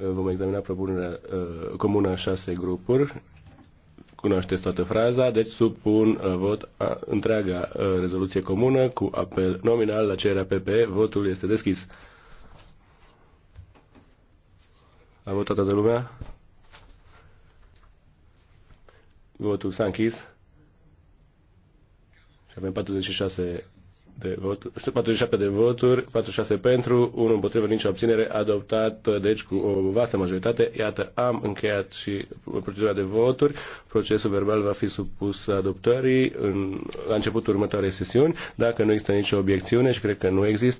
vom examina propunerea uh, comună a șase grupuri. Cunoașteți toată fraza, deci supun uh, vot a, întreaga uh, rezoluție comună cu apel nominal la cererea PPE. Votul este deschis. A votat toată lumea? Votul s-a închis. Și avem 46 de voturi, 47 de voturi, 46 pentru, 1 împotrivă, nicio abținere, adoptat, deci cu o vastă majoritate. Iată, am încheiat și procedura de voturi. Procesul verbal va fi supus adoptării în, la începutul următoarei sesiuni, dacă nu există nicio obiecțiune și cred că nu există.